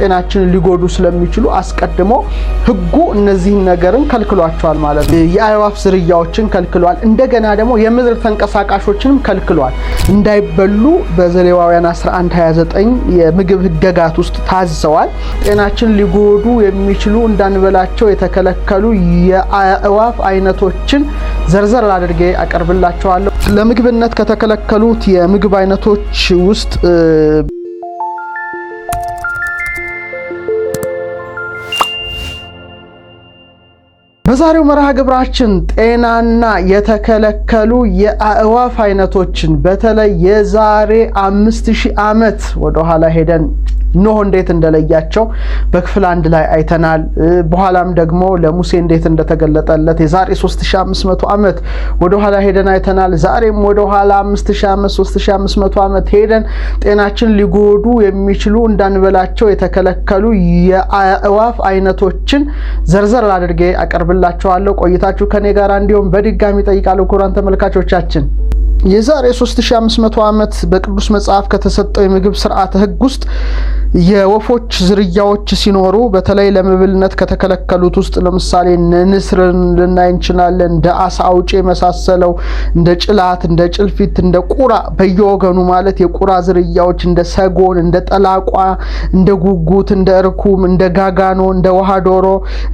ጤናችንን ሊጎዱ ስለሚችሉ አስቀድሞ ህጉ እነዚህን ነገርን ከልክሏቸዋል ማለት ነው። የአዕዋፍ ዝርያዎችን ከልክሏል። እንደገና ደግሞ የምድር ተንቀሳቃሾችንም ከልክሏል። እንዳይበሉ በዘሌዋውያን 1129 የምግብ ህገጋት ውስጥ ታዘዋል። ጤናችንን ሊጎዱ የሚችሉ እንዳንበላቸው የተከለከሉ የአዕዋፍ አይነቶችን ዘርዘር አድርጌ አቀርብላቸዋለሁ። ለምግብነት ከተከለከሉት የምግብ አይነቶች ውስጥ በዛሬው መርሃ ግብራችን ጤናና የተከለከሉ የአእዋፍ አይነቶችን በተለይ የዛሬ አምስት ሺህ ዓመት ወደኋላ ሄደን ኖህ እንዴት እንደለያቸው በክፍል አንድ ላይ አይተናል። በኋላም ደግሞ ለሙሴ እንዴት እንደተገለጠለት የዛሬ 3500 ዓመት ወደኋላ ሄደን አይተናል። ዛሬም ወደኋላ 5000 ዓመት ዓመት ሄደን ጤናችን ሊጎዱ የሚችሉ እንዳንበላቸው የተከለከሉ የአእዋፍ አይነቶችን ዘርዘር አድርጌ አቀርብል አቀርብላችኋለሁ። ቆይታችሁ ከኔ ጋር እንዲሁም በድጋሚ ጠይቃለሁ። ክቡራን ተመልካቾቻችን የዛሬ 3500 ዓመት በቅዱስ መጽሐፍ ከተሰጠው የምግብ ስርዓተ ህግ ውስጥ የወፎች ዝርያዎች ሲኖሩ በተለይ ለምብልነት ከተከለከሉት ውስጥ ለምሳሌ ንስርን ልናይ እንችላለን። እንደ አሳ አውጪ የመሳሰለው እንደ ጭላት፣ እንደ ጭልፊት፣ እንደ ቁራ በየወገኑ ማለት የቁራ ዝርያዎች እንደ ሰጎን፣ እንደ ጠላቋ፣ እንደ ጉጉት፣ እንደ እርኩም፣ እንደ ጋጋኖ፣ እንደ ውሃ ዶሮ፣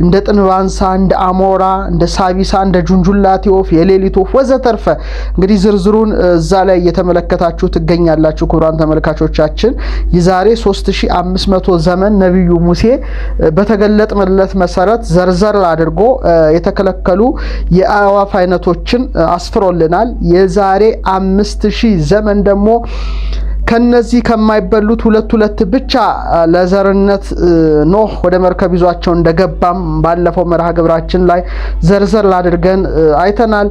እንደ ጥንባንሳ፣ እንደ አሞራ፣ እንደ ሳቢሳ፣ እንደ ጁንጁላቴ ወፍ፣ የሌሊት ወፍ ወዘተርፈ እንግዲህ ዝርዝሩን እዛ ላይ እየተመለከታችሁ ትገኛላችሁ። ክቡራን ተመልካቾቻችን የዛሬ ሶስት ሺ 1500 ዘመን ነቢዩ ሙሴ በተገለጥንለት መሰረት ዘርዘር አድርጎ የተከለከሉ የአእዋፍ አይነቶችን አስፍሮልናል። የዛሬ 5000 ዘመን ደግሞ ከነዚህ ከማይበሉት ሁለት ሁለት ብቻ ለዘርነት ኖህ ወደ መርከብ ይዟቸው እንደገባም ባለፈው መርሃ ግብራችን ላይ ዘርዘር አድርገን አይተናል።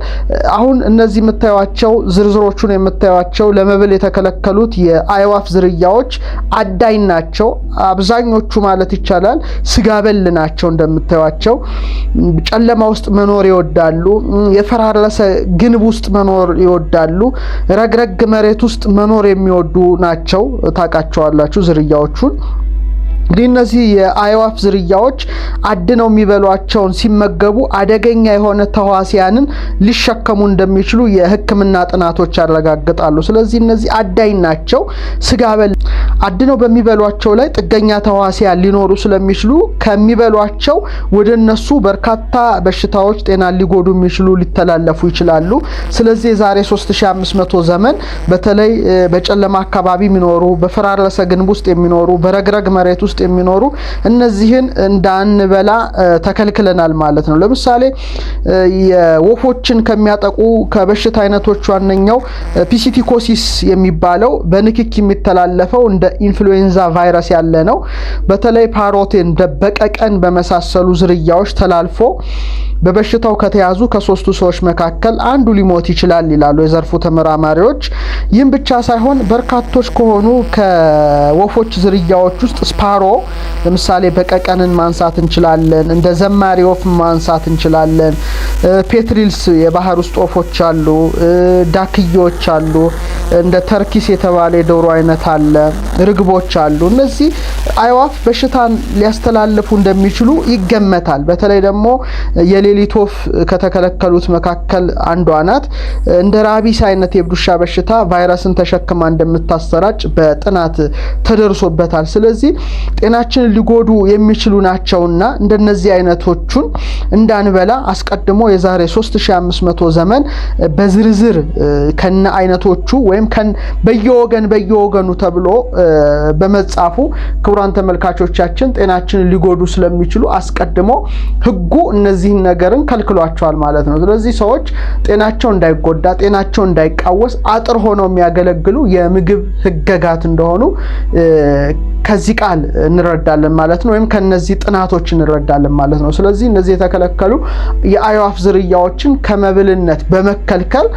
አሁን እነዚህ የምታዩቸው ዝርዝሮቹን የምታዩቸው ለመብል የተከለከሉት የአይዋፍ ዝርያዎች አዳኝ ናቸው። አብዛኞቹ ማለት ይቻላል ስጋ በል ናቸው። እንደምታዩቸው ጨለማ ውስጥ መኖር ይወዳሉ። የፈራረሰ ግንብ ውስጥ መኖር ይወዳሉ። ረግረግ መሬት ውስጥ መኖር የሚወዱ ናቸው። ታውቃቸዋላችሁ ዝርያዎቹን እንግዲህ እነዚህ ዝርያዎች አድነው የሚበሏቸውን ሲመገቡ አደገኛ የሆነ ተዋሲያንን ሊሸከሙ እንደሚችሉ የሕክምና ጥናቶች ያረጋግጣሉ። ስለዚህ እነዚህ አዳኝ ናቸው። ስጋ በል አድነው በሚበሏቸው ላይ ጥገኛ ተዋሲያን ሊኖሩ ስለሚችሉ ከሚበሏቸው ወደ እነሱ በርካታ በሽታዎች ጤና ሊጎዱ የሚችሉ ሊተላለፉ ይችላሉ። ስለዚህ የዛሬ 3500 ዘመን በተለይ በጨለማ አካባቢ የሚኖሩ በፈራረሰ ግንብ ውስጥ የሚኖሩ በረግረግ መሬት ውስጥ ውስጥ የሚኖሩ እነዚህን እንዳንበላ ተከልክለናል ማለት ነው። ለምሳሌ የወፎችን ከሚያጠቁ ከበሽታ አይነቶች ዋነኛው ፒሲፊኮሲስ የሚባለው በንክክ የሚተላለፈው እንደ ኢንፍሉዌንዛ ቫይረስ ያለ ነው። በተለይ ፓሮቴን በቀቀን በመሳሰሉ ዝርያዎች ተላልፎ በበሽታው ከተያዙ ከሶስቱ ሰዎች መካከል አንዱ ሊሞት ይችላል ይላሉ የዘርፉ ተመራማሪዎች። ይህም ብቻ ሳይሆን በርካቶች ከሆኑ ከወፎች ዝርያዎች ውስጥ ስፓሮ ጨምሮ ለምሳሌ በቀቀንን ማንሳት እንችላለን። እንደ ዘማሪ ወፍ ማንሳት እንችላለን። ፔትሪልስ የባህር ውስጥ ወፎች አሉ፣ ዳክዬዎች አሉ፣ እንደ ተርኪስ የተባለ የዶሮ አይነት አለ፣ ርግቦች አሉ። እነዚህ አይዋፍ በሽታን ሊያስተላልፉ እንደሚችሉ ይገመታል። በተለይ ደግሞ የሌሊት ወፍ ከተከለከሉት መካከል አንዷ ናት። እንደ ራቢስ አይነት የብዱሻ በሽታ ቫይረስን ተሸክማ እንደምታሰራጭ በጥናት ተደርሶበታል። ስለዚህ ጤናችንን ሊጎዱ የሚችሉ ናቸውና እንደነዚህ አይነቶቹን እንዳንበላ አስቀድሞ የዛሬ 3500 ዘመን በዝርዝር ከነ አይነቶቹ ወይም በየወገን በየወገኑ ተብሎ በመጻፉ ክቡራን ተመልካቾቻችን ጤናችንን ሊጎዱ ስለሚችሉ አስቀድሞ ህጉ እነዚህን ነገርን ከልክሏቸዋል ማለት ነው። ስለዚህ ሰዎች ጤናቸው እንዳይጎዳ፣ ጤናቸው እንዳይቃወስ አጥር ሆነው የሚያገለግሉ የምግብ ህገጋት እንደሆኑ ከዚህ ቃል እንረዳለን ማለት ነው፣ ወይም ከነዚህ ጥናቶች እንረዳለን ማለት ነው። ስለዚህ እነዚህ የተከለከሉ የአይዋፍ ዝርያዎችን ከመብልነት በመከልከል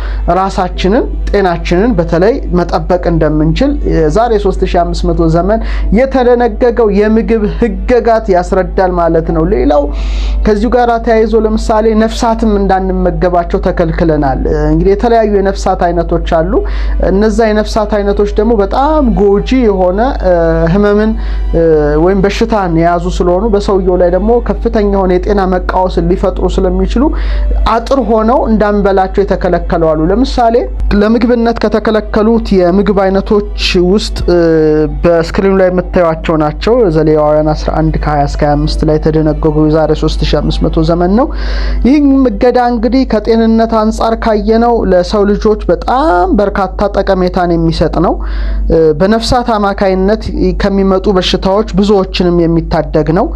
ራሳችንን፣ ጤናችንን በተለይ መጠበቅ እንደምንችል የዛሬ 3500 ዘመን የተደነገገው የምግብ ህገጋት ያስረዳል ማለት ነው። ሌላው ከዚሁ ጋር ተያይዞ ለምሳሌ ነፍሳትም እንዳንመገባቸው ተከልክለናል። እንግዲህ የተለያዩ የነፍሳት አይነቶች አሉ። እነዛ የነፍሳት አይነቶች ደግሞ በጣም ጎጂ የሆነ ህመም ህመምን ወይም በሽታን የያዙ ስለሆኑ በሰውየው ላይ ደግሞ ከፍተኛ የሆነ የጤና መቃወስን ሊፈጥሩ ስለሚችሉ አጥር ሆነው እንዳንበላቸው የተከለከለዋሉ። አሉ። ለምሳሌ ለምግብነት ከተከለከሉት የምግብ አይነቶች ውስጥ በስክሪኑ ላይ የምታዩቸው ናቸው። ዘሌዋውያን 11 ከ20 እስከ 25 ላይ የተደነገጉ የዛሬ 3500 ዘመን ነው። ይህም እገዳ እንግዲህ ከጤንነት አንጻር ካየነው ለሰው ልጆች በጣም በርካታ ጠቀሜታን የሚሰጥ ነው። በነፍሳት አማካይነት ከሚመጡ በሽታዎች ብዙዎችንም የሚታደግ ነው።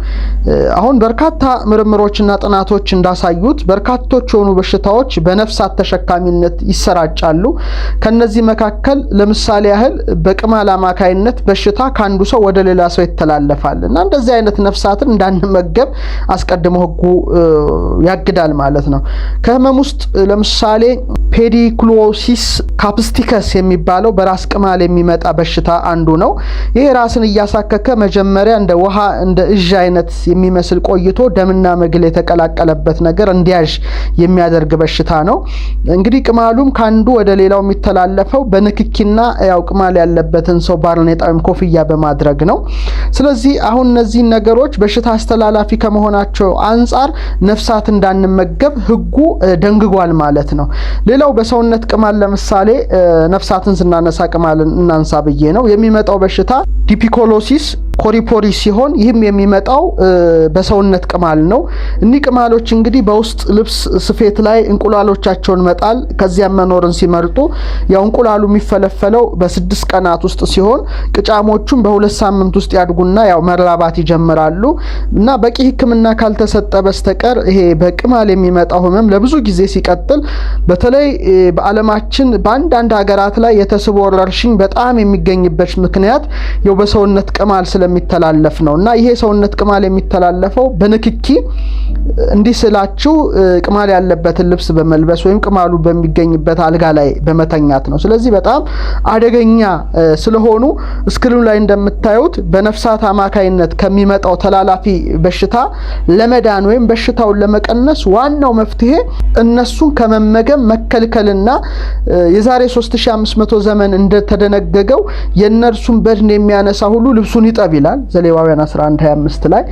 አሁን በርካታ ምርምሮችና ጥናቶች እንዳሳዩት በርካቶች የሆኑ በሽታዎች በነፍሳት ተሸካሚነት ይሰራጫሉ። ይችላሉ። ከነዚህ መካከል ለምሳሌ ያህል በቅማል አማካይነት በሽታ ከአንዱ ሰው ወደ ሌላ ሰው ይተላለፋል እና እንደዚህ አይነት ነፍሳትን እንዳንመገብ አስቀድሞ ህጉ ያግዳል ማለት ነው። ከህመም ውስጥ ለምሳሌ ፔዲክሎሲስ ካፕስቲከስ የሚባለው በራስ ቅማል የሚመጣ በሽታ አንዱ ነው። ይህ ራስን እያሳከከ መጀመሪያ እንደ ውሃ እንደ እዥ አይነት የሚመስል ቆይቶ ደምና መግል የተቀላቀለበት ነገር እንዲያዥ የሚያደርግ በሽታ ነው። እንግዲህ ቅማሉም ከአንዱ ወደ ሌላው የሚተላለፈው በንክኪና ያው ቅማል ያለበትን ሰው ባርኔጣ ወይም ኮፍያ በማድረግ ነው። ስለዚህ አሁን እነዚህን ነገሮች በሽታ አስተላላፊ ከመሆናቸው አንጻር ነፍሳት እንዳንመገብ ሕጉ ደንግጓል ማለት ነው። ሌላው በሰውነት ቅማል ለምሳሌ ነፍሳትን ስናነሳ ቅማልን እናንሳ ብዬ ነው የሚመጣው በሽታ ዲፒኮሎሲስ ኮሪፖሪ ሲሆን ይህም የሚመጣው በሰውነት ቅማል ነው። እኒህ ቅማሎች እንግዲህ በውስጥ ልብስ ስፌት ላይ እንቁላሎቻቸውን መጣል ከዚያም መኖርን ሲመርጡ ያው እንቁላሉ የሚፈለፈለው በስድስት ቀናት ውስጥ ሲሆን ቅጫሞቹም በሁለት ሳምንት ውስጥ ያድጉና ያው መራባት ይጀምራሉ እና በቂ ሕክምና ካልተሰጠ በስተቀር ይሄ በቅማል የሚመጣው ህመም ለብዙ ጊዜ ሲቀጥል በተለይ በዓለማችን በአንዳንድ ሀገራት ላይ የተስቦ ወረርሽኝ በጣም የሚገኝበት ምክንያት ያው በሰውነት ቅማል ስለ ስለሚተላለፍ ነው እና ይሄ ሰውነት ቅማል የሚተላለፈው በንክኪ እንዲህ ስላችሁ ቅማል ያለበትን ልብስ በመልበስ ወይም ቅማሉ በሚገኝበት አልጋ ላይ በመተኛት ነው። ስለዚህ በጣም አደገኛ ስለሆኑ እስክሪኑ ላይ እንደምታዩት በነፍሳት አማካይነት ከሚመጣው ተላላፊ በሽታ ለመዳን ወይም በሽታውን ለመቀነስ ዋናው መፍትሄ እነሱን ከመመገብ መከልከልና የዛሬ 3500 ዘመን እንደተደነገገው የእነርሱን በድን የሚያነሳ ሁሉ ልብሱን ይጠብ ይላል ዘሌዋውያን 1125 ላይ።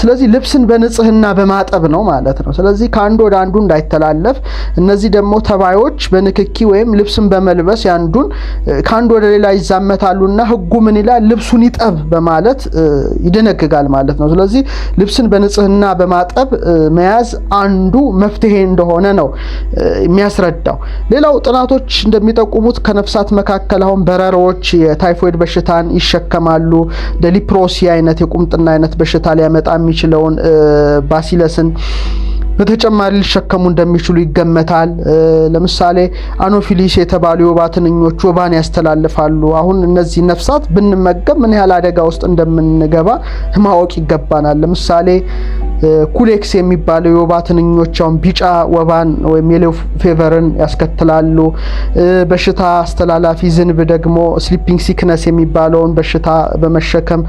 ስለዚህ ልብስን በንጽህና በማጠብ ነው ማለት ነው። ስለዚህ ከአንዱ ወደ አንዱ እንዳይተላለፍ፣ እነዚህ ደግሞ ተባዮች በንክኪ ወይም ልብስን በመልበስ ያንዱን ከአንዱ ወደ ሌላ ይዛመታሉና ህጉ ምን ይላል? ልብሱን ይጠብ በማለት ይደነግጋል ማለት ነው። ስለዚህ ልብስን በንጽህና በማጠብ መያዝ አንዱ መፍትሄ እንደሆነ ነው የሚያስረዳው። ሌላው ጥናቶች እንደሚጠቁሙት ከነፍሳት መካከል አሁን በረሮዎች የታይፎይድ በሽታን ይሸከማሉ። ለሊፕሮሲ አይነት የቁምጥና አይነት በሽታ ሊያመጣ የሚችለውን ባሲለስን በተጨማሪ ሊሸከሙ እንደሚችሉ ይገመታል። ለምሳሌ አኖፊሊስ የተባሉ የወባ ትንኞች ወባን ያስተላልፋሉ። አሁን እነዚህ ነፍሳት ብንመገብ ምን ያህል አደጋ ውስጥ እንደምንገባ ማወቅ ይገባናል። ለምሳሌ ኩሌክስ የሚባለው የወባ ትንኞቻውን ቢጫ ወባን ወይም የሌው ፌቨርን ያስከትላሉ። በሽታ አስተላላፊ ዝንብ ደግሞ ስሊፒንግ ሲክነስ የሚባለውን በሽታ በመሸከም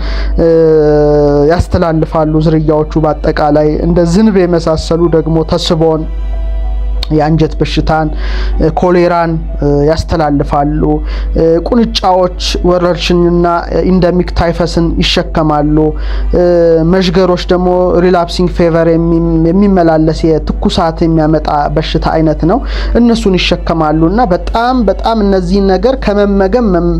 ያስተላልፋሉ። ዝርያዎቹ በአጠቃላይ እንደ ዝንብ የመሳሰሉ ደግሞ ተስቦን የአንጀት በሽታን፣ ኮሌራን ያስተላልፋሉ። ቁንጫዎች ወረርሽኝና ኢንደሚክ ታይፈስን ይሸከማሉ። መዥገሮች ደግሞ ሪላፕሲንግ ፌቨር የሚመላለስ የትኩሳት የሚያመጣ በሽታ አይነት ነው። እነሱን ይሸከማሉ እና በጣም በጣም እነዚህን ነገር ከመመገብ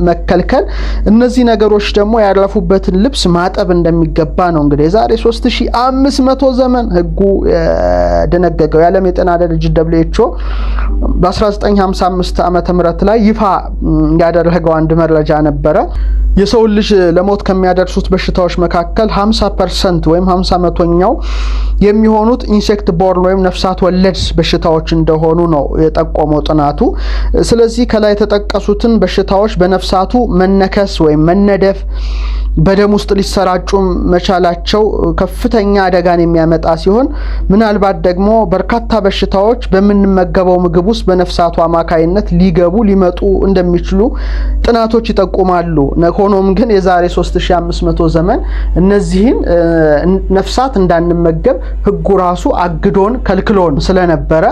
መከልከል፣ እነዚህ ነገሮች ደግሞ ያለፉበትን ልብስ ማጠብ እንደሚገባ ነው እንግዲህ የዛሬ 3500 ዘመን ህጉ ደነገገው የዓለም የጤና ድርጅት ኦዴቾ በ1955 ዓ ም ላይ ይፋ ያደረገው አንድ መረጃ ነበረ። የሰውን ልጅ ለሞት ከሚያደርሱት በሽታዎች መካከል 50 ፐርሰንት ወይም 50 መቶኛው የሚሆኑት ኢንሴክት ቦርን ወይም ነፍሳት ወለድ በሽታዎች እንደሆኑ ነው የጠቆመው ጥናቱ። ስለዚህ ከላይ የተጠቀሱትን በሽታዎች በነፍሳቱ መነከስ ወይም መነደፍ በደም ውስጥ ሊሰራጩ መቻላቸው ከፍተኛ አደጋን የሚያመጣ ሲሆን ምናልባት ደግሞ በርካታ በሽታዎች በ በምንመገበው ምግብ ውስጥ በነፍሳቱ አማካይነት ሊገቡ ሊመጡ እንደሚችሉ ጥናቶች ይጠቁማሉ። ሆኖም ግን የዛሬ 3500 ዘመን እነዚህን ነፍሳት እንዳንመገብ ሕጉ ራሱ አግዶን ከልክሎን ስለነበረ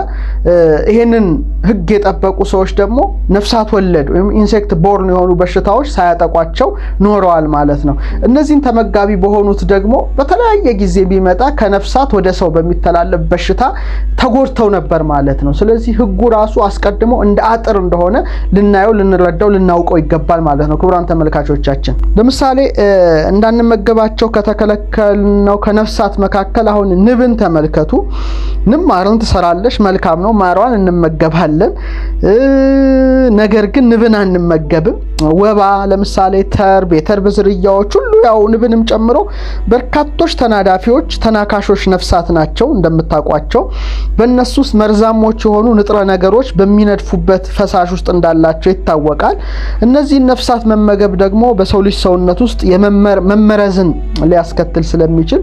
ይህንን ሕግ የጠበቁ ሰዎች ደግሞ ነፍሳት ወለድ ወይም ኢንሴክት ቦርን የሆኑ በሽታዎች ሳያጠቋቸው ኖረዋል ማለት ነው። እነዚህን ተመጋቢ በሆኑት ደግሞ በተለያየ ጊዜ ቢመጣ ከነፍሳት ወደ ሰው በሚተላለፍ በሽታ ተጎድተው ነበር ማለት ማለት ነው። ስለዚህ ህጉ ራሱ አስቀድሞ እንደ አጥር እንደሆነ ልናየው፣ ልንረዳው፣ ልናውቀው ይገባል ማለት ነው። ክቡራን ተመልካቾቻችን ለምሳሌ እንዳንመገባቸው ከተከለከልነው ከነፍሳት መካከል አሁን ንብን ተመልከቱ። ንብ ማርን ትሰራለች፣ መልካም ነው፣ ማሯን እንመገባለን። ነገር ግን ንብን አንመገብም። ወባ ለምሳሌ ተርብ፣ የተርብ ዝርያዎች ሁሉ ያው ንብንም ጨምሮ በርካቶች ተናዳፊዎች፣ ተናካሾች ነፍሳት ናቸው እንደምታውቋቸው። በእነሱ ውስጥ መርዛም ጤናሞች የሆኑ ንጥረ ነገሮች በሚነድፉበት ፈሳሽ ውስጥ እንዳላቸው ይታወቃል። እነዚህን ነፍሳት መመገብ ደግሞ በሰው ልጅ ሰውነት ውስጥ መመረዝን ሊያስከትል ስለሚችል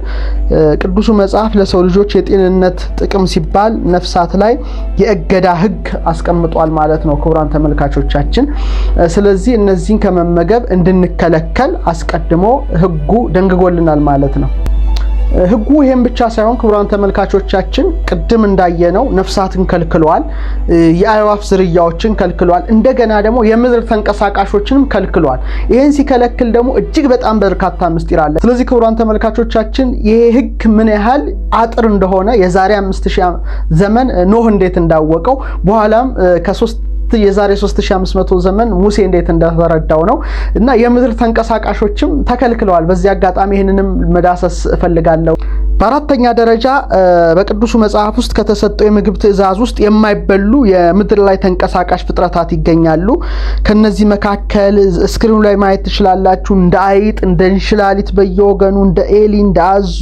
ቅዱሱ መጽሐፍ ለሰው ልጆች የጤንነት ጥቅም ሲባል ነፍሳት ላይ የእገዳ ሕግ አስቀምጧል ማለት ነው። ክቡራን ተመልካቾቻችን፣ ስለዚህ እነዚህን ከመመገብ እንድንከለከል አስቀድሞ ሕጉ ደንግጎልናል ማለት ነው። ህጉ ይህም ብቻ ሳይሆን ክቡራን ተመልካቾቻችን ቅድም እንዳየነው ነፍሳትን ከልክሏል፣ የአዕዋፍ ዝርያዎችን ከልክሏል፣ እንደገና ደግሞ የምድር ተንቀሳቃሾችንም ከልክሏል። ይህን ሲከለክል ደግሞ እጅግ በጣም በርካታ ምስጢር አለ። ስለዚህ ክቡራን ተመልካቾቻችን ይሄ ህግ ምን ያህል አጥር እንደሆነ የዛሬ አምስት ሺህ ዘመን ኖህ እንዴት እንዳወቀው በኋላም ከሶስት የዛሬ 3500 ዘመን ሙሴ እንዴት እንደተረዳው ነው እና የምድር ተንቀሳቃሾችም ተከልክለዋል። በዚህ አጋጣሚ ይህንንም መዳሰስ እፈልጋለሁ። በአራተኛ ደረጃ በቅዱሱ መጽሐፍ ውስጥ ከተሰጠው የምግብ ትእዛዝ ውስጥ የማይበሉ የምድር ላይ ተንቀሳቃሽ ፍጥረታት ይገኛሉ። ከነዚህ መካከል እስክሪኑ ላይ ማየት ትችላላችሁ። እንደ አይጥ፣ እንደ እንሽላሊት በየወገኑ እንደ ኤሊ፣ እንደ አዞ፣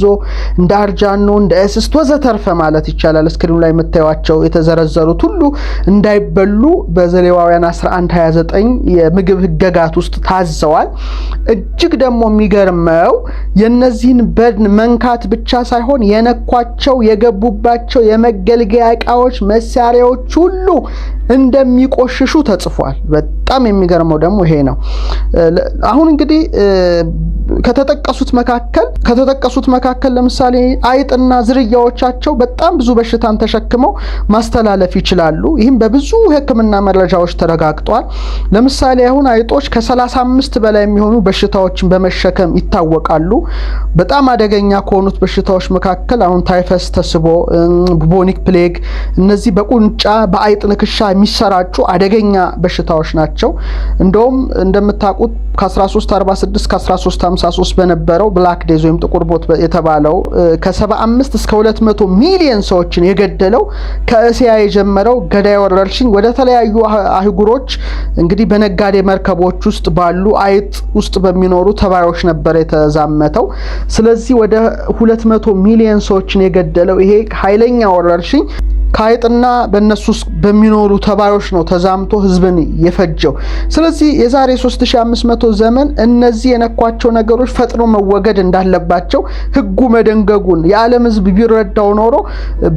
እንደ አርጃኖ፣ እንደ እስስት ወዘተርፈ ማለት ይቻላል። እስክሪኑ ላይ የምታዩቸው የተዘረዘሩት ሁሉ እንዳይበሉ በዘሌዋውያን 1129 የምግብ ህገጋት ውስጥ ታዘዋል። እጅግ ደግሞ የሚገርመው የእነዚህን በድን መንካት ብቻ ሳይሆን የነኳቸው የገቡባቸው የመገልገያ እቃዎች፣ መሳሪያዎች ሁሉ እንደሚቆሽሹ ተጽፏል። በጣም የሚገርመው ደግሞ ይሄ ነው። አሁን እንግዲህ ከተጠቀሱት መካከል ከተጠቀሱት መካከል ለምሳሌ አይጥና ዝርያዎቻቸው በጣም ብዙ በሽታን ተሸክመው ማስተላለፍ ይችላሉ። ይህም በብዙ ህክምና መረጃዎች ተረጋግጧል። ለምሳሌ አሁን አይጦች ከ35 በላይ የሚሆኑ በሽታዎችን በመሸከም ይታወቃሉ። በጣም አደገኛ ከሆኑት በሽታዎች መካከል አሁን ታይፈስ፣ ተስቦ፣ ቡቦኒክ ፕሌግ እነዚህ በቁንጫ በአይጥ ንክሻ የሚሰራጩ አደገኛ በሽታዎች ናቸው። እንደውም እንደምታውቁት ከ1346 1353 በነበረው ብላክ ዴዝ ወይም ጥቁር ቦት የተባለው ከ75 እስከ 200 ሚሊየን ሰዎችን የገደለው ከእስያ የጀመረው ገዳይ ወረርሽኝ ወደ ተለያዩ በተለያዩ አህጉሮች እንግዲህ በነጋዴ መርከቦች ውስጥ ባሉ አይጥ ውስጥ በሚኖሩ ተባዮች ነበር የተዛመተው። ስለዚህ ወደ 200 ሚሊዮን ሰዎችን የገደለው ይሄ ኃይለኛ ወረርሽኝ ከአይጥና በእነሱ ውስጥ በሚኖሩ ተባዮች ነው ተዛምቶ ህዝብን የፈጀው። ስለዚህ የዛሬ 3500 ዘመን እነዚህ የነኳቸው ነገሮች ፈጥኖ መወገድ እንዳለባቸው ህጉ መደንገጉን የዓለም ህዝብ ቢረዳው ኖሮ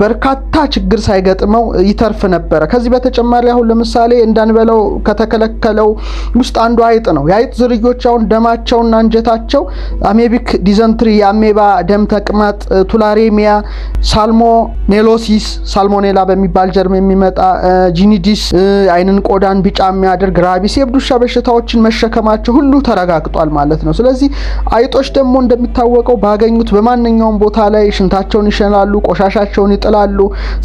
በርካታ ችግር ሳይገጥመው ይተርፍ ነበረ። ከዚህ በተጨማሪ አሁን ለምሳሌ እንዳንበላው ከተከለከለው ውስጥ አንዱ አይጥ ነው። የአይጥ ዝርዮች አሁን ደማቸውና አንጀታቸው አሜቢክ ዲዘንትሪ፣ የአሜባ ደም ተቅማጥ፣ ቱላሬሚያ፣ ሳልሞኔሎሲስ ሳልሞ ሳልሞኔላ በሚባል ጀርም የሚመጣ ጂኒዲስ፣ አይንን ቆዳን ቢጫ የሚያደርግ ራቢስ፣ የእብድ ውሻ በሽታዎችን መሸከማቸው ሁሉ ተረጋግጧል ማለት ነው። ስለዚህ አይጦች ደግሞ እንደሚታወቀው ባገኙት በማንኛውም ቦታ ላይ ሽንታቸውን ይሸናሉ፣ ቆሻሻቸውን ይጥላሉ።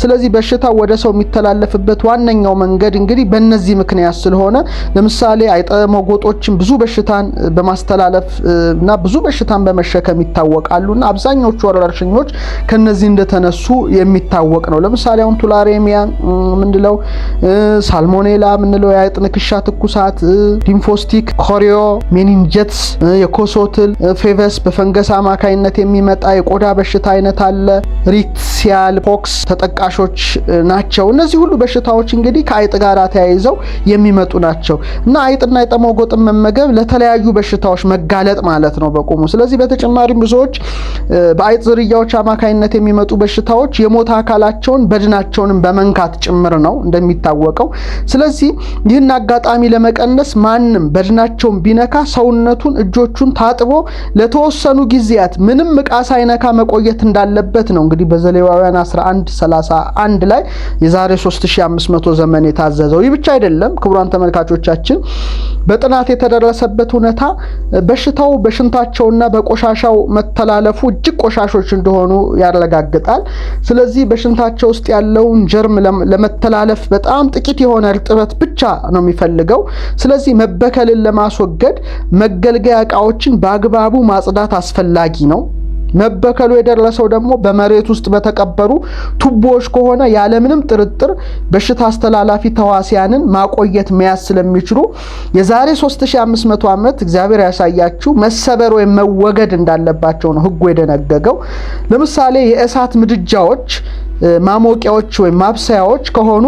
ስለዚህ በሽታ ወደ ሰው የሚተላለፍበት ዋነኛው መንገድ እንግዲህ በእነዚህ ምክንያት ስለሆነ ለምሳሌ አይጠ መጎጦችን ብዙ በሽታን በማስተላለፍ እና ብዙ በሽታን በመሸከም ይታወቃሉ እና አብዛኞቹ ወረርሽኞች ከነዚህ እንደተነሱ የሚታወቅ ነው። ለምሳሌ አሁን ቱላሬሚያ ምንለው ሳልሞኔላ ምንለው የአይጥ ንክሻ ትኩሳት፣ ዲምፎስቲክ፣ ኮሪዮ፣ ሜኒንጀትስ፣ የኮሶትል ፌቨስ በፈንገስ አማካይነት የሚመጣ የቆዳ በሽታ አይነት አለ። ሪክሲያል ፖክስ ተጠቃሾች ናቸው። እነዚህ ሁሉ በሽታዎች እንግዲህ ከአይጥ ጋር ተያይዘው የሚመጡ ናቸው እና አይጥና የጠመጎጥን መመገብ ለተለያዩ በሽታዎች መጋለጥ ማለት ነው በቁሙ። ስለዚህ በተጨማሪም ብዙዎች በአይጥ ዝርያዎች አማካይነት የሚመጡ በሽታዎች የሞት አካላቸውን በድና ህሊናቸውንም በመንካት ጭምር ነው እንደሚታወቀው። ስለዚህ ይህን አጋጣሚ ለመቀነስ ማንም በድናቸውን ቢነካ ሰውነቱን፣ እጆቹን ታጥቦ ለተወሰኑ ጊዜያት ምንም ዕቃ ሳይነካ መቆየት እንዳለበት ነው እንግዲህ በዘሌዋውያን 11 31 ላይ የዛሬ 3500 ዘመን የታዘዘው። ይህ ብቻ አይደለም ክቡራን ተመልካቾቻችን በጥናት የተደረሰበት እውነታ በሽታው በሽንታቸውና በቆሻሻው መተላለፉ እጅግ ቆሻሾች እንደሆኑ ያረጋግጣል። ስለዚህ በሽንታቸው ውስጥ ያለ ያለውን ጀርም ለመተላለፍ በጣም ጥቂት የሆነ እርጥበት ብቻ ነው የሚፈልገው። ስለዚህ መበከልን ለማስወገድ መገልገያ እቃዎችን በአግባቡ ማጽዳት አስፈላጊ ነው። መበከሉ የደረሰው ደግሞ በመሬት ውስጥ በተቀበሩ ቱቦዎች ከሆነ ያለምንም ጥርጥር በሽታ አስተላላፊ ተዋሲያንን ማቆየት መያዝ ስለሚችሉ የዛሬ 3500 ዓመት እግዚአብሔር ያሳያችሁ መሰበር ወይም መወገድ እንዳለባቸው ነው ሕጉ የደነገገው። ለምሳሌ የእሳት ምድጃዎች ማሞቂያዎች ወይም ማብሰያዎች ከሆኑ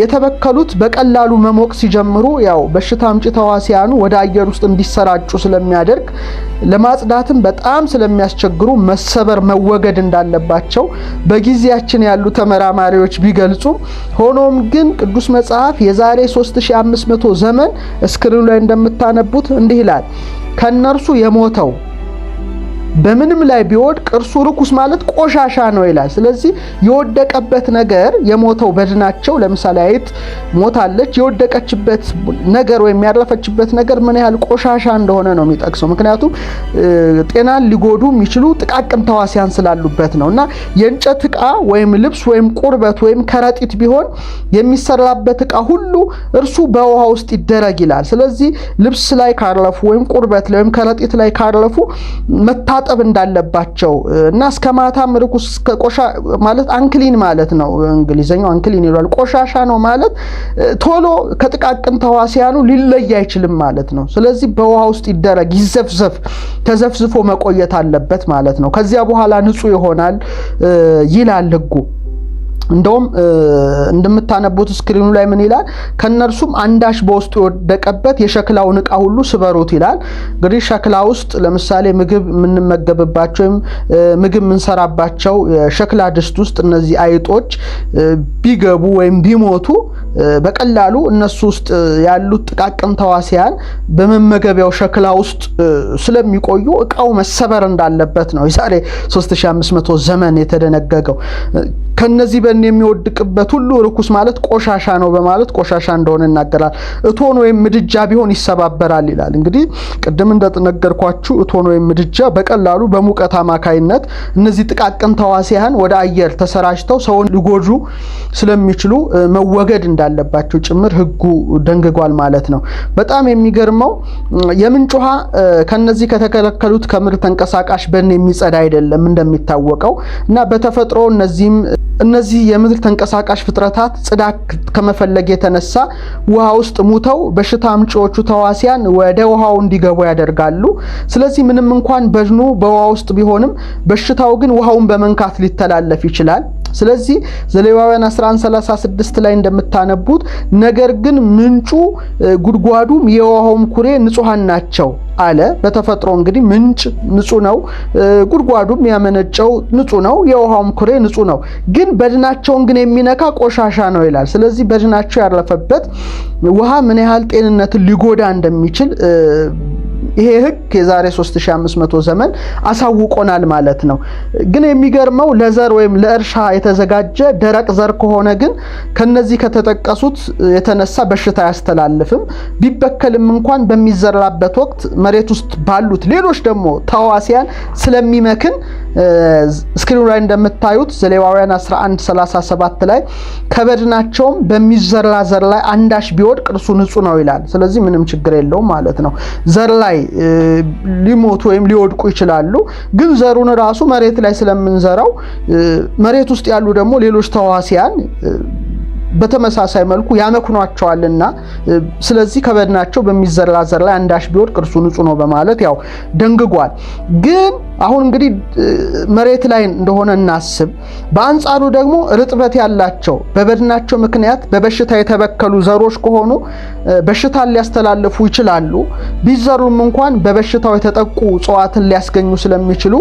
የተበከሉት በቀላሉ መሞቅ ሲጀምሩ ያው በሽታ አምጪ ተዋሲያኑ ወደ አየር ውስጥ እንዲሰራጩ ስለሚያደርግ ለማጽዳትም በጣም ስለሚያስቸግሩ መሰበር መወገድ እንዳለባቸው በጊዜያችን ያሉ ተመራማሪዎች ቢገልጹም ሆኖም ግን ቅዱስ መጽሐፍ የዛሬ 3500 ዘመን እስክሪኑ ላይ እንደምታነቡት እንዲህ ይላል ከእነርሱ የሞተው በምንም ላይ ቢወድቅ እርሱ ርኩስ ማለት ቆሻሻ ነው ይላል። ስለዚህ የወደቀበት ነገር የሞተው በድናቸው፣ ለምሳሌ አይጥ ሞታለች። የወደቀችበት ነገር ወይም ያረፈችበት ነገር ምን ያህል ቆሻሻ እንደሆነ ነው የሚጠቅሰው። ምክንያቱም ጤናን ሊጎዱ የሚችሉ ጥቃቅን ተዋሲያን ስላሉበት ነው እና የእንጨት እቃ ወይም ልብስ ወይም ቁርበት ወይም ከረጢት ቢሆን የሚሰራበት እቃ ሁሉ እርሱ በውሃ ውስጥ ይደረግ ይላል። ስለዚህ ልብስ ላይ ካረፉ ወይም ቁርበት ወይም ከረጢት ላይ ካረፉ መታ መታጠብ እንዳለባቸው እና እስከ ማታም ርኩስ ቆሻ ማለት አንክሊን ማለት ነው። እንግሊዘኛው አንክሊን ይሏል። ቆሻሻ ነው ማለት ቶሎ ከጥቃቅን ተዋሲያኑ ሊለይ አይችልም ማለት ነው። ስለዚህ በውሃ ውስጥ ይደረግ፣ ይዘፍዘፍ፣ ተዘፍዝፎ መቆየት አለበት ማለት ነው። ከዚያ በኋላ ንጹህ ይሆናል ይላል ህጉ። እንደውም እንደምታነቡት ስክሪኑ ላይ ምን ይላል? ከነርሱም አንዳች በውስጡ የወደቀበት የሸክላውን እቃ ሁሉ ስበሩት ይላል። እንግዲህ ሸክላ ውስጥ ለምሳሌ ምግብ የምንመገብባቸው ወይም ምግብ የምንሰራባቸው የሸክላ ድስት ውስጥ እነዚህ አይጦች ቢገቡ ወይም ቢሞቱ በቀላሉ እነሱ ውስጥ ያሉት ጥቃቅን ተዋሲያን በመመገቢያው ሸክላ ውስጥ ስለሚቆዩ እቃው መሰበር እንዳለበት ነው የዛሬ 3500 ዘመን የተደነገገው። ከነዚህ በን የሚወድቅበት ሁሉ ርኩስ ማለት ቆሻሻ ነው በማለት ቆሻሻ እንደሆነ ይናገራል። እቶን ወይም ምድጃ ቢሆን ይሰባበራል ይላል። እንግዲህ ቅድም እንደነገርኳችሁ እቶን ወይም ምድጃ በቀላሉ በሙቀት አማካይነት እነዚህ ጥቃቅን ተዋሲያን ወደ አየር ተሰራጭተው ሰውን ሊጎዱ ስለሚችሉ መወገድ እንዳ እንዳለባቸው ጭምር ህጉ ደንግጓል ማለት ነው። በጣም የሚገርመው የምንጭ ውሃ ከነዚህ ከተከለከሉት ከምር ተንቀሳቃሽ በን የሚጸዳ አይደለም እንደሚታወቀው እና በተፈጥሮ እነዚህም እነዚህ የምድር ተንቀሳቃሽ ፍጥረታት ጽዳት ከመፈለግ የተነሳ ውሃ ውስጥ ሙተው በሽታ አምጪዎቹ ተዋሲያን ወደ ውሃው እንዲገቡ ያደርጋሉ። ስለዚህ ምንም እንኳን በድኑ በውሃ ውስጥ ቢሆንም በሽታው ግን ውሃውን በመንካት ሊተላለፍ ይችላል። ስለዚህ ዘሌዋውያን 1136 ላይ እንደምታነቡት ነገር ግን ምንጩ ጉድጓዱም የውሃውም ኩሬ ንጹሐን ናቸው አለ። በተፈጥሮ እንግዲህ ምንጭ ንጹህ ነው፣ ጉድጓዱም ያመነጨው ንጹህ ነው፣ የውሃውም ኩሬ ንጹህ ነው። ግን በድናቸውን ግን የሚነካ ቆሻሻ ነው ይላል። ስለዚህ በድናቸው ያረፈበት ውሃ ምን ያህል ጤንነትን ሊጎዳ እንደሚችል ይሄ ህግ የዛሬ 3500 ዘመን አሳውቆናል ማለት ነው። ግን የሚገርመው ለዘር ወይም ለእርሻ የተዘጋጀ ደረቅ ዘር ከሆነ ግን ከነዚህ ከተጠቀሱት የተነሳ በሽታ አያስተላልፍም። ቢበከልም እንኳን በሚዘራበት ወቅት መሬት ውስጥ ባሉት ሌሎች ደግሞ ተዋሲያን ስለሚመክን ስክሪኑ ላይ እንደምታዩት ዘሌዋውያን 1137 ላይ ከበድናቸውም በሚዘራ ዘር ላይ አንዳሽ ቢወድቅ እርሱ ንጹህ ነው ይላል። ስለዚህ ምንም ችግር የለውም ማለት ነው። ዘር ላይ ሊሞቱ ወይም ሊወድቁ ይችላሉ። ግን ዘሩን ራሱ መሬት ላይ ስለምንዘራው መሬት ውስጥ ያሉ ደግሞ ሌሎች ተዋሲያን በተመሳሳይ መልኩ ያመክኗቸዋልና ስለዚህ ከበድናቸው በሚዘራ ዘር ላይ አንዳሽ ቢወድቅ እርሱ ንጹህ ነው በማለት ያው ደንግጓል ግን አሁን እንግዲህ መሬት ላይ እንደሆነ እናስብ። በአንጻሩ ደግሞ ርጥበት ያላቸው በበድናቸው ምክንያት በበሽታ የተበከሉ ዘሮች ከሆኑ በሽታን ሊያስተላልፉ ይችላሉ። ቢዘሩም እንኳን በበሽታው የተጠቁ እጽዋትን ሊያስገኙ ስለሚችሉ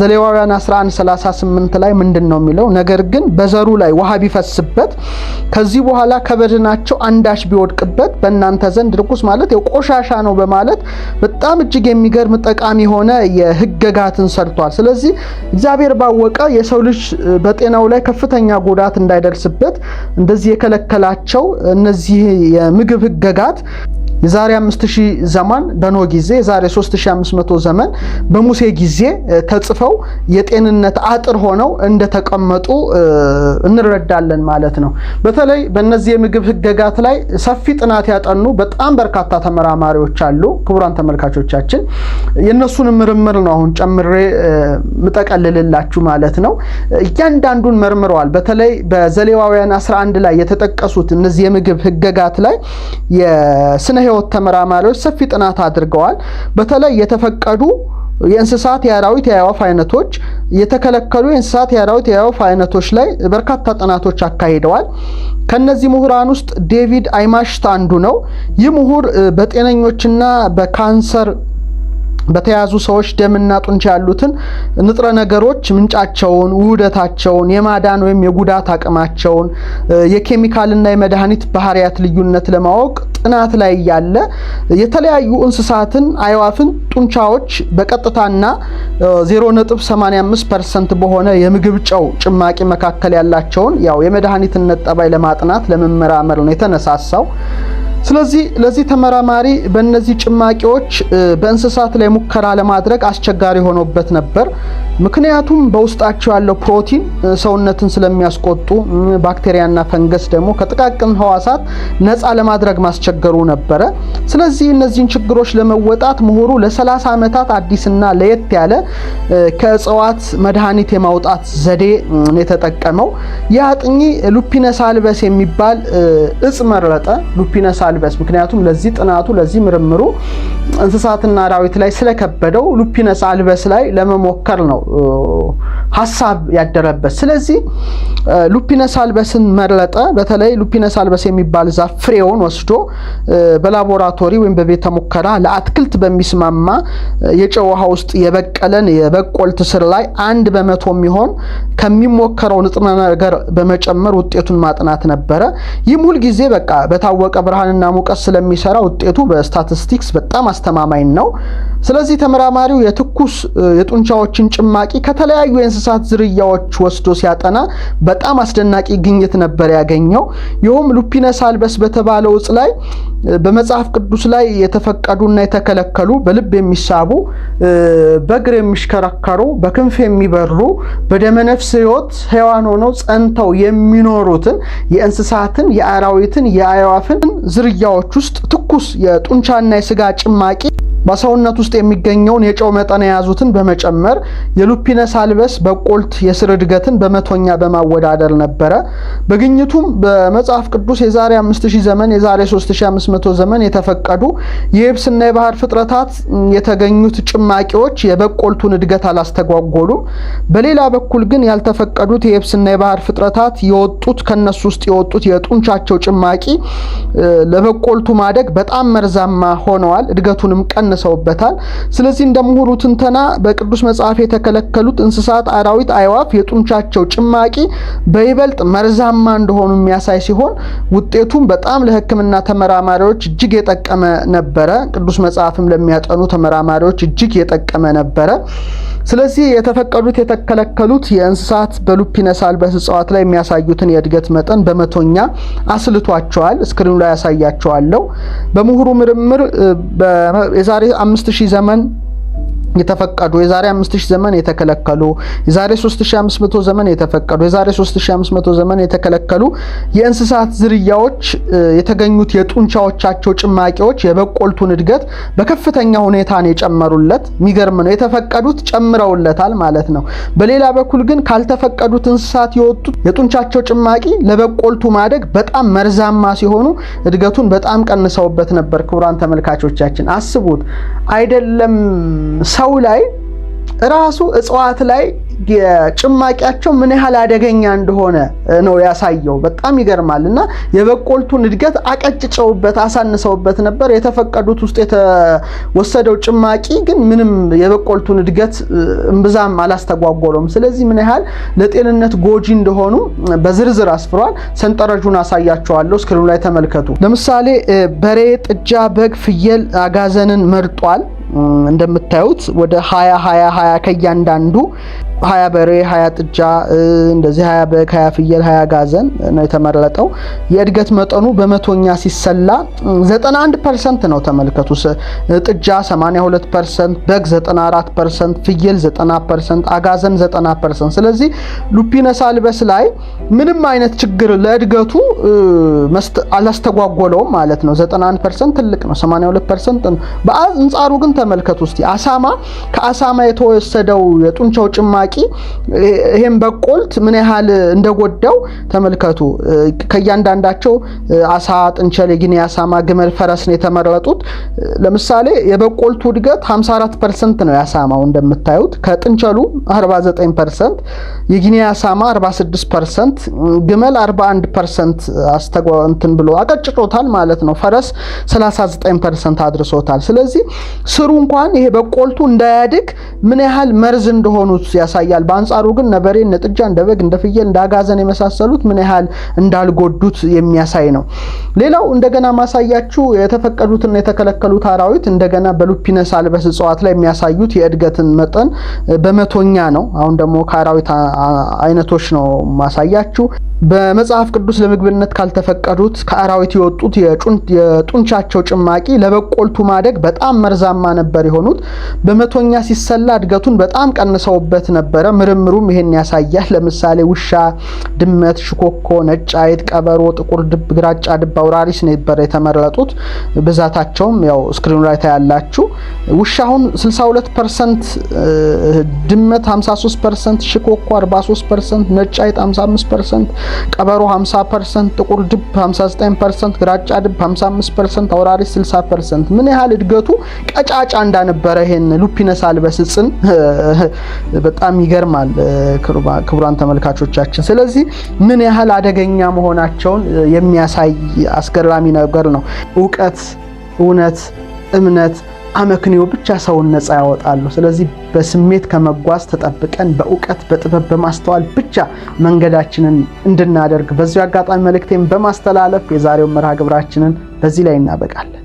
ዘሌዋውያን 1138 ላይ ምንድን ነው የሚለው? ነገር ግን በዘሩ ላይ ውሃ ቢፈስበት ከዚህ በኋላ ከበድናቸው አንዳች ቢወድቅበት በእናንተ ዘንድ ርኩስ ማለት የቆሻሻ ነው በማለት በጣም እጅግ የሚገርም ጠቃሚ የሆነ የህገ መዘጋትን ሰርቷል። ስለዚህ እግዚአብሔር ባወቀ የሰው ልጅ በጤናው ላይ ከፍተኛ ጉዳት እንዳይደርስበት እንደዚህ የከለከላቸው እነዚህ የምግብ ህገጋት የዛሬ 5000 ዘመን በኖ ጊዜ፣ የዛሬ 3500 ዘመን በሙሴ ጊዜ ተጽፈው የጤንነት አጥር ሆነው እንደተቀመጡ እንረዳለን ማለት ነው። በተለይ በእነዚህ የምግብ ህገጋት ላይ ሰፊ ጥናት ያጠኑ በጣም በርካታ ተመራማሪዎች አሉ። ክቡራን ተመልካቾቻችን የእነሱን ምርምር ነው አሁን ጨምሬ ምጠቀልልላችሁ ማለት ነው። እያንዳንዱን መርምረዋል። በተለይ በዘሌዋውያን 11 ላይ የተጠቀሱት እነዚህ የምግብ ህገጋት ላይ የስነ የህይወት ተመራማሪዎች ሰፊ ጥናት አድርገዋል። በተለይ የተፈቀዱ የእንስሳት የአራዊት የአዕዋፍ አይነቶች፣ የተከለከሉ የእንስሳት የአራዊት የአዕዋፍ አይነቶች ላይ በርካታ ጥናቶች አካሂደዋል። ከነዚህ ምሁራን ውስጥ ዴቪድ አይማሽት አንዱ ነው። ይህ ምሁር በጤነኞችና በካንሰር በተያዙ ሰዎች ደምና ጡንቻ ያሉትን ንጥረ ነገሮች ምንጫቸውን፣ ውህደታቸውን፣ የማዳን ወይም የጉዳት አቅማቸውን፣ የኬሚካልና የመድኃኒት ባህሪያት ልዩነት ለማወቅ ጥናት ላይ ያለ የተለያዩ እንስሳትን አይዋፍን ጡንቻዎች በቀጥታና 0.85 በሆነ የምግብ ጨው ጭማቂ መካከል ያላቸውን ያው የመድኃኒትነት ጠባይ ለማጥናት ለመመራመር ነው የተነሳሳው። ስለዚህ ለዚህ ተመራማሪ በእነዚህ ጭማቂዎች በእንስሳት ላይ ሙከራ ለማድረግ አስቸጋሪ ሆኖበት ነበር። ምክንያቱም በውስጣቸው ያለው ፕሮቲን ሰውነትን ስለሚያስቆጡ ባክቴሪያና ፈንገስ ደግሞ ከጥቃቅን ህዋሳት ነፃ ለማድረግ ማስቸገሩ ነበረ። ስለዚህ እነዚህን ችግሮች ለመወጣት ምሁሩ ለ30 ዓመታት አዲስና ለየት ያለ ከእጽዋት መድኃኒት የማውጣት ዘዴ የተጠቀመው። ይህ ሉፒነስ አልበስ የሚባል እጽ መረጠ። ሉፒነስ አልበስ ምክንያቱም ለዚህ ጥናቱ ለዚህ ምርምሩ እንስሳትና አራዊት ላይ ስለከበደው ሉፒነስ አልበስ ላይ ለመሞከር ነው። ሀሳብ ያደረበት። ስለዚህ ሉፒነስ አልበስን መረጠ። በተለይ ሉፒነስ አልበስ የሚባል ዛፍ ፍሬውን ወስዶ በላቦራቶሪ ወይም በቤተ ሙከራ ለአትክልት በሚስማማ የጨው ውሃ ውስጥ የበቀለን የበቆልት ስር ላይ አንድ በመቶ የሚሆን ከሚሞከረው ንጥረ ነገር በመጨመር ውጤቱን ማጥናት ነበረ። ይህም ሁልጊዜ በቃ በታወቀ ብርሃንና ሙቀት ስለሚሰራ ውጤቱ በስታቲስቲክስ በጣም አስተማማኝ ነው። ስለዚህ ተመራማሪው የትኩስ የጡንቻዎችን ጭማ ሸማቂ ከተለያዩ የእንስሳት ዝርያዎች ወስዶ ሲያጠና በጣም አስደናቂ ግኝት ነበር ያገኘው። ይኸውም ሉፒነስ አልበስ በተባለው እጽ ላይ በመጽሐፍ ቅዱስ ላይ የተፈቀዱና የተከለከሉ በልብ የሚሳቡ በእግር የሚሽከረከሩ በክንፍ የሚበሩ በደመነፍስ ሕይወት ሕያዋን ሆነው ጸንተው የሚኖሩትን የእንስሳትን፣ የአራዊትን፣ የአዕዋፍን ዝርያዎች ውስጥ ትኩስ የጡንቻና የስጋ ጭማቂ በሰውነት ውስጥ የሚገኘውን የጨው መጠን የያዙትን በመጨመር የሉፒነስ አልበስ በቆልት የስር እድገትን በመቶኛ በማወዳደር ነበረ። በግኝቱም በመጽሐፍ ቅዱስ የዛሬ 5000 ዘመን የዛሬ 3500 ዘመን የተፈቀዱ የየብስና የባህር ፍጥረታት የተገኙት ጭማቂዎች የበቆልቱን እድገት አላስተጓጎሉም። በሌላ በኩል ግን ያልተፈቀዱት የየብስና የባህር ፍጥረታት የወጡት ከነሱ ውስጥ የወጡት የጡንቻቸው ጭማቂ ለበቆልቱ ማደግ በጣም መርዛማ ሆነዋል። እድገቱንም ቀን። ደርሰውበታል። ስለዚህ እንደ ምሁሩ ትንተና በቅዱስ መጽሐፍ የተከለከሉት እንስሳት፣ አራዊት፣ አይዋፍ የጡንቻቸው ጭማቂ በይበልጥ መርዛማ እንደሆኑ የሚያሳይ ሲሆን ውጤቱም በጣም ለሕክምና ተመራማሪዎች እጅግ የጠቀመ ነበረ። ቅዱስ መጽሐፍም ለሚያጠኑ ተመራማሪዎች እጅግ የጠቀመ ነበረ። ስለዚህ የተፈቀዱት የተከለከሉት የእንስሳት በሉፒነስ አልበስ እጽዋት ላይ የሚያሳዩትን የእድገት መጠን በመቶኛ አስልቷቸዋል። ስክሪኑ ላይ ያሳያቸዋለሁ። በምሁሩ ምርምር የዛሬ አምስት ሺህ ዘመን የተፈቀዱ የዛሬ 5000 ዘመን የተከለከሉ የዛሬ 3500 ዘመን የተፈቀዱ የዛሬ 3500 ዘመን የተከለከሉ የእንስሳት ዝርያዎች የተገኙት የጡንቻዎቻቸው ጭማቂዎች የበቆልቱን እድገት በከፍተኛ ሁኔታ ነው የጨመሩለት። የሚገርም ነው። የተፈቀዱት ጨምረውለታል ማለት ነው። በሌላ በኩል ግን ካልተፈቀዱት እንስሳት የወጡት የጡንቻቸው ጭማቂ ለበቆልቱ ማደግ በጣም መርዛማ ሲሆኑ እድገቱን በጣም ቀንሰውበት ነበር። ክቡራን ተመልካቾቻችን አስቡት አይደለም ሰው ላይ ራሱ እጽዋት ላይ ጭማቂያቸው ምን ያህል አደገኛ እንደሆነ ነው ያሳየው። በጣም ይገርማል። እና የበቆልቱን እድገት አቀጭጨውበት አሳንሰውበት ነበር። የተፈቀዱት ውስጥ የተወሰደው ጭማቂ ግን ምንም የበቆልቱን እድገት እምብዛም አላስተጓጎለውም። ስለዚህ ምን ያህል ለጤንነት ጎጂ እንደሆኑ በዝርዝር አስፍሯል። ሰንጠረዡን አሳያቸዋለሁ። እስክሪኑ ላይ ተመልከቱ። ለምሳሌ በሬ፣ ጥጃ፣ በግ፣ ፍየል፣ አጋዘንን መርጧል። እንደምታዩት ወደ 20 20 20 ከእያንዳንዱ ሀያ በሬ ሀያ ጥጃ እንደዚህ ሀያ በግ ሀያ ፍየል ሀያ ጋዘን ነው የተመረጠው። የእድገት መጠኑ በመቶኛ ሲሰላ 91 ፐርሰንት ነው። ተመልከቱ። ጥጃ 82 ፐርሰንት፣ በግ 94 ፐርሰንት፣ ፍየል 90 ፐርሰንት፣ አጋዘን 90 ፐርሰንት። ስለዚህ ሉፒነስ አልበስ ላይ ምንም አይነት ችግር ለእድገቱ አላስተጓጎለውም ማለት ነው። 91 ፐርሰንት ትልቅ ነው። 82 ፐርሰንት ነው። በአንጻሩ ግን ተመልከቱ እስቲ አሳማ ከአሳማ የተወሰደው የጡንቻው ጭማ አጥባቂ ይህም በቆልት ምን ያህል እንደጎዳው ተመልከቱ። ከእያንዳንዳቸው አሳ፣ ጥንቸል፣ የጊኔ አሳማ፣ ግመል፣ ፈረስ ነው የተመረጡት። ለምሳሌ የበቆልቱ እድገት 54 ፐርሰንት ነው ያሳማው እንደምታዩት፣ ከጥንቸሉ 49 ፐርሰንት፣ የጊኒ አሳማ 46 ፐርሰንት፣ ግመል 41 ፐርሰንት አስተጓንትን ብሎ አቀጭጮታል ማለት ነው። ፈረስ 39 ፐርሰንት አድርሶታል። ስለዚህ ስሩ እንኳን ይሄ በቆልቱ እንዳያድግ ምን ያህል መርዝ እንደሆኑት ያሳ ያሳያል። በአንጻሩ ግን ነበሬን፣ እንደ ጥጃ፣ እንደ በግ፣ እንደ ፍየል፣ እንደ አጋዘን የመሳሰሉት ምን ያህል እንዳልጎዱት የሚያሳይ ነው። ሌላው እንደገና ማሳያችሁ የተፈቀዱትና የተከለከሉት አራዊት እንደገና በሉፒነስ አልበስ እጽዋት ላይ የሚያሳዩት የእድገትን መጠን በመቶኛ ነው። አሁን ደግሞ ከአራዊት አይነቶች ነው ማሳያችሁ። በመጽሐፍ ቅዱስ ለምግብነት ካልተፈቀዱት ከአራዊት የወጡት የጡንቻቸው ጭማቂ ለበቆልቱ ማደግ በጣም መርዛማ ነበር የሆኑት። በመቶኛ ሲሰላ እድገቱን በጣም ቀንሰውበት ነበር። ነበረ። ምርምሩም ይሄን ያሳያል። ለምሳሌ ውሻ፣ ድመት፣ ሽኮኮ፣ ነጭ አይጥ፣ ቀበሮ፣ ጥቁር ድብ፣ ግራጫ ድብ፣ አውራሪስ ነበረ የተመረጡት። ብዛታቸውም ያው ስክሪኑ ላይ ታያላችሁ። ውሻሁን 62 ፐርሰንት፣ ድመት 53 ፐርሰንት፣ ሽኮኮ 43 ፐርሰንት፣ ነጭ አይጥ 55 ፐርሰንት፣ ቀበሮ 50 ፐርሰንት፣ ጥቁር ድብ 59 ፐርሰንት፣ ግራጫ ድብ 55 ፐርሰንት፣ አውራሪስ 60 ፐርሰንት። ምን ያህል እድገቱ ቀጫጫ እንዳነበረ ይሄን ሉፒነስ አልበስጽን በጣም ይገርማል ክቡራን ተመልካቾቻችን። ስለዚህ ምን ያህል አደገኛ መሆናቸውን የሚያሳይ አስገራሚ ነገር ነው። እውቀት፣ እውነት፣ እምነት አመክንዮ ብቻ ሰውን ነፃ ያወጣሉ። ስለዚህ በስሜት ከመጓዝ ተጠብቀን በእውቀት በጥበብ በማስተዋል ብቻ መንገዳችንን እንድናደርግ በዚሁ አጋጣሚ መልእክቴን በማስተላለፍ የዛሬውን መርሃ ግብራችንን በዚህ ላይ እናበቃለን።